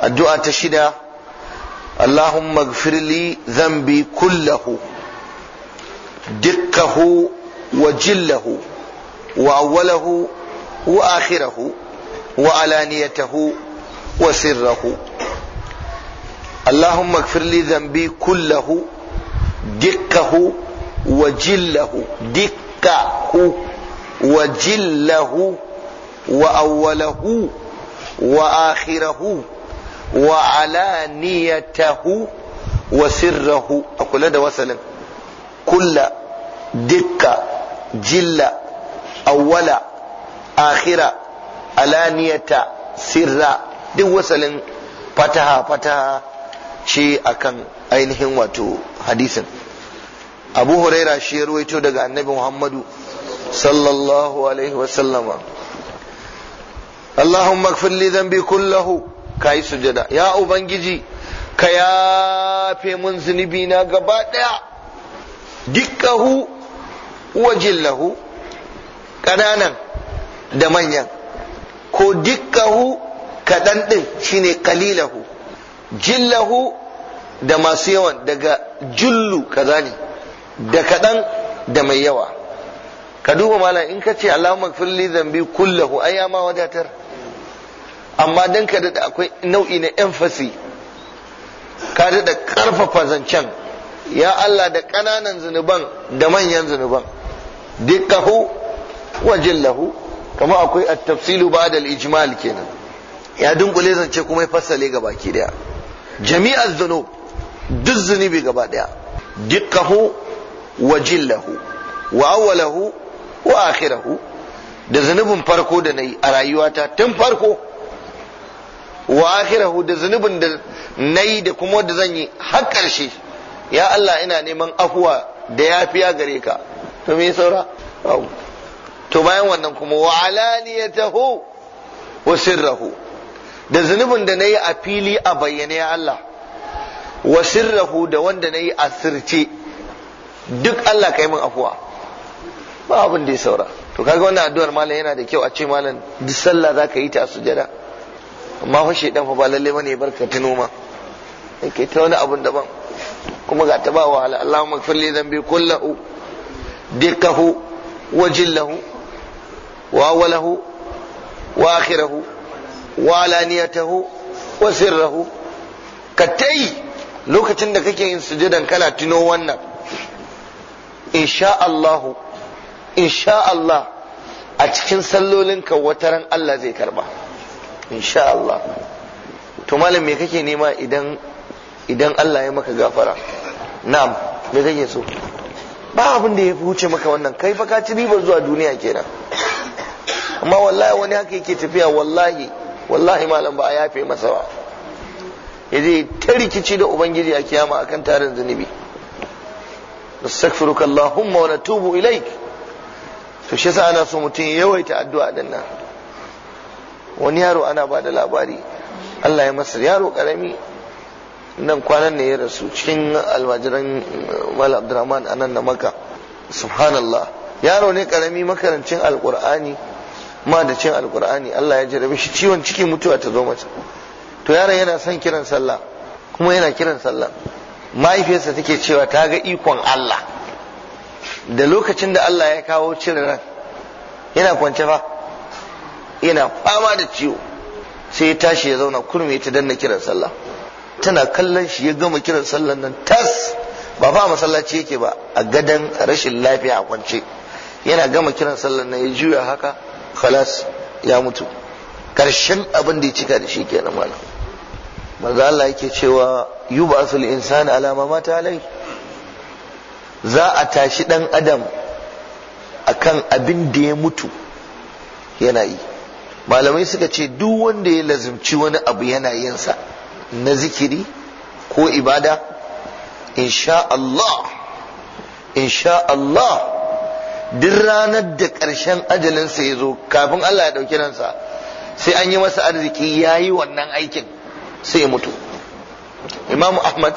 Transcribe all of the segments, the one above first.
addu'a ta shida Allahumma gfirli zambi kullahu dukkahu wa jillahu wa awwalahu wa akhirahu wa alaniyatahu wa sirrahu Allahumma gfirli zambi kullahu dukkahu wa jillahu dukkahu wa jillahu wa awwalahu wa akhirahu wa alaniyatahu wa sirrahu a kula da wasalin kulla dukka jilla awwala akhira alaniyata sirra duk wasalin fataha fataha ce akan ainihin wato hadisin abu huraira shi ya ruwaito daga annabi muhammadu sallallahu alaihi wasallama allahumma اغفر li dhanbi kullahu ka yi sujada ya ubangiji ka yafe mun zunubi na gaba daya dukkahu wa jillahu kananan da manyan ko dukkahu kaɗan ɗin shine kalilahu jillahu da masu yawan daga jullu kaza ne da kaɗan da mai yawa ka duba malam in ka ce allahumma firli zambi kullahu ai ma wadatar amma dan ka da akwai nau'i na emphasis ka da ƙarfafa zancen ya Allah da ƙananan zunuban da manyan zunuban dukkahu wa jillahu kama akwai at-tafsilu ba'da al-ijmal kenan ya dunkule zance kuma ya fassale ga baki daya jami'az zunub duk zunubi gaba daya dukkahu wa jillahu wa awwalahu wa akhirahu da zunubin farko da nayi a rayuwata tun farko wa akhirahu da zunubin da nayi da kuma wanda zan yi har karshe ya Allah ina neman afuwa da yafiya gare ka to me saura to bayan wannan kuma wa alaniyatahu wa sirrahu da zunubin da nayi a fili a bayyane ya Allah wa sirrahu da wanda nayi a sirce duk Allah kai min afuwa ba abin da ya saura to kaga wannan addu'ar malam yana da kyau a ce malam duk sallah zaka yi ta a sujada amma fa shedan fa ba lalle bane barka ta noma yake ta wani abun daban kuma ga ta ba wahala Allahumma ighfir li dhanbi kullahu dikahu wa jillahu wa awwalahu wa akhirahu wa alaniyatahu wa sirruhu ka lokacin da kake yin sujudan kana tuno wannan insha Allah insha Allah a cikin sallolinka wataran Allah zai karba insha Allah to malam me kake nema idan idan Allah ya maka gafara na'am me kake so ba abin da ya fi wuce maka wannan kai fa ka ci ribar zuwa duniya kenan amma wallahi wani haka yake tafiya wallahi wallahi malam ba a yafe masa ba yaje ta rikici da ubangiji a kiyama akan tarin zunubi nastaghfiruka allahumma wa natubu ilaik to shi yasa ana so mutum ya yawaita addu'a dinnan wani yaro ana ba da labari Allah ya masar yaro karami nan kwanan ne ya rasu cikin almajiran eh, mal abdurrahman a nan na maka subhanallah yaro ne karami makarancin alkur'ani ma da cin alkur'ani Allah ya jarabe shi ciwon ciki mutuwa ta zo mata to yaron yana son kiran sallah kuma yana kiran sallah mahaifiyarsa take cewa ta ga ikon Allah da lokacin da Allah ya kawo cire ran yana kwance fa yana fama da ciwo sai ya tashi ya zauna kurmi ta danna kiran sallah tana kallon shi ya gama kiran sallah nan tas ba fa masallaci yake ba a gadan rashin lafiya a kwance yana gama kiran sallah nan ya juya haka khalas ya mutu karshen abin da ya cika da shi kenan mana manzo Allah yake cewa yuba al insani ala ma mata alai za a tashi dan adam akan abin da ya mutu yana yi malamai suka ce duk wanda ya lazumci wani abu yana yinsa na zikiri ko ibada insha Allah insha Allah duk ranar da ƙarshen ajalinsa ya zo kafin Allah ya ɗauki ransa sai an yi masa arziki ya yi wannan aikin sai ya mutu imam ahmad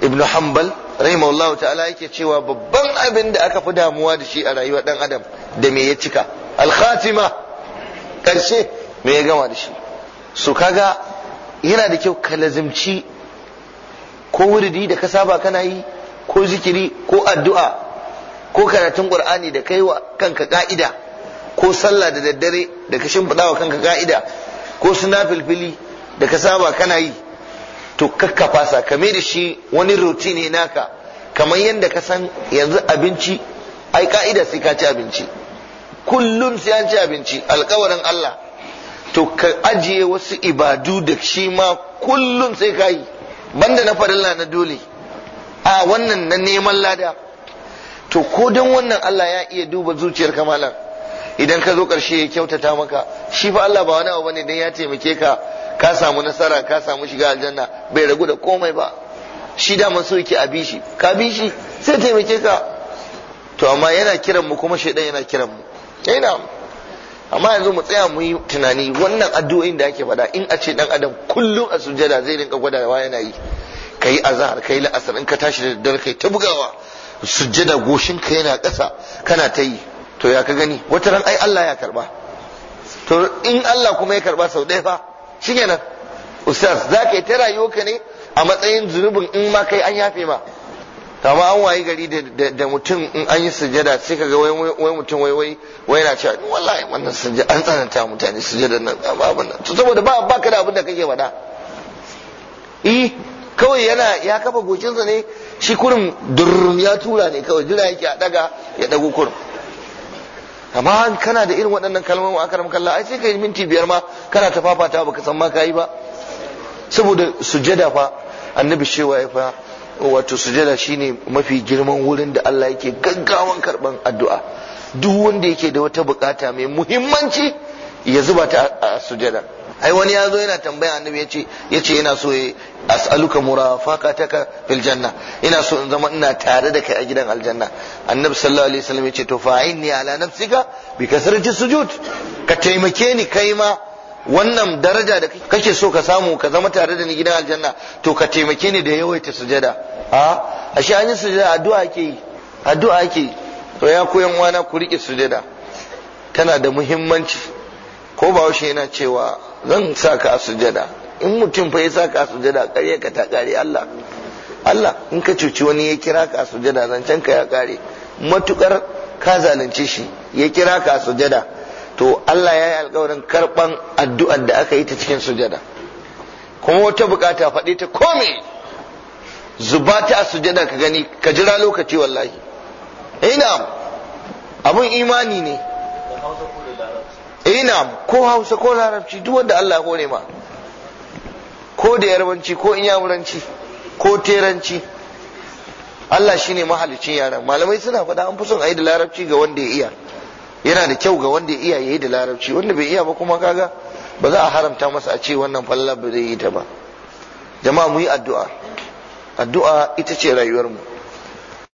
ibn hanbal rahimahullahu ta'ala yake cewa babban abin da aka fi damuwa da shi a rayuwar dan adam da me ya cika al-khatima karshe me ya gama da shi su kaga yana da kyau ka lazimci ko wuridi da ka saba kana yi ko zikiri ko addu'a ko karatun qur'ani da kai wa kanka ka'ida ko sallah da daddare da ka shimfiɗa wa kanka ka'ida ko suna filfili da ka saba kana yi to kakka fasa da shi wani rutini naka kamar yadda ka san yanzu abinci ai ka'ida sai ka ci abinci kullum sai an ci abinci alkawarin Allah to ka ajiye wasu ibadu da shi ma kullum sai ka yi banda na farilla na dole a wannan na neman lada to ko don wannan Allah ya iya duba zuciyar kamalan idan ka zo karshe ya kyautata maka shi fa Allah ba wani abu bane dan ya taimake ka ka samu nasara ka samu shiga aljanna bai ragu da komai ba shi daman so yake a bi shi ka bi shi sai taimake ka to amma yana kiran mu kuma shaidan yana kiran mu kaina amma yanzu mu tsaya mu yi tunani wannan addu'o'in da ake faɗa in a ce dan adam kullum a sujjada zai rinka gwadawa yana yi kai azhar kai la'asar in ka tashi da daddare kai ta bugawa sujjada goshinka yana ƙasa kana ta yi to ya ka gani wata ran ai Allah ya karba to in Allah kuma ya karba sau ɗaya fa shikenan ustaz za ka yi ta rayuwa ka ne a matsayin zunubin in ma kai an yafe ma kama an wayi gari da mutum in an yi sujada sai ka ga wai mutum wai wai wai na cewa wallahi wannan sujada an tsananta mutane sujada nan babu nan to saboda ba ba ka da abin da kake faɗa eh kawai yana ya kafa gocinsa ne shi kurum durrum ya tura ne kawai jira yake a daga ya dago kurum amma kana da irin waɗannan kalmomi aka ramka Allah ai sai kai minti biyar ma kana ta fafata baka san ma kai ba saboda sujada fa annabi shewa ya fa wato sujada shine mafi girman wurin da Allah yake gaggawan karban addu'a duk wanda yake da wata bukata mai muhimmanci ya zuba ta a sujada ai wani ya zo yana tambaya annabi yace yace yana so ya as'aluka murafaqataka fil janna ina so in zama ina tare da kai a gidan aljanna annabi sallallahu alaihi wasallam yace to fa'inni ala nafsika bi kasrati sujud ka taimake ni kai ma wannan daraja da kake so ka samu ka zama tare da ni gidan aljanna to ka taimake ni da yawaita sujada a ashe an yi sujada addu'a ake yi addu'a ake yi to ya koyan wana ku rike sujada tana da muhimmanci ko ba yana cewa zan sa ka sujada in mutum fa ya sa ka sujada kare ka ta kare Allah Allah in ka cuci wani ya kira ka a sujada zancen ka ya kare matukar ka zalunce shi ya kira ka a sujada to Allah ya yi alkawarin karban addu'an da aka yi ta cikin sujada kuma wata bukata faɗi ta kome zuba ta a sujada ka gani ka jira lokaci wallahi ina eh, abun imani ne ina eh, ko hausa ko larabci duk wanda Allah hore ma ko da yarbanci ko inyamuranci ko teranci Allah ne mahalicin yaran malamai suna faɗa an fi son a yi da larabci ga wanda ya iya yana da kyau ga wanda ya iya yayi da larabci wanda bai iya ba kuma kaga ba za a haramta masa a ce wannan falla ba zai yi ta ba jama'a mu yi addu'a addu'a ita ce rayuwarmu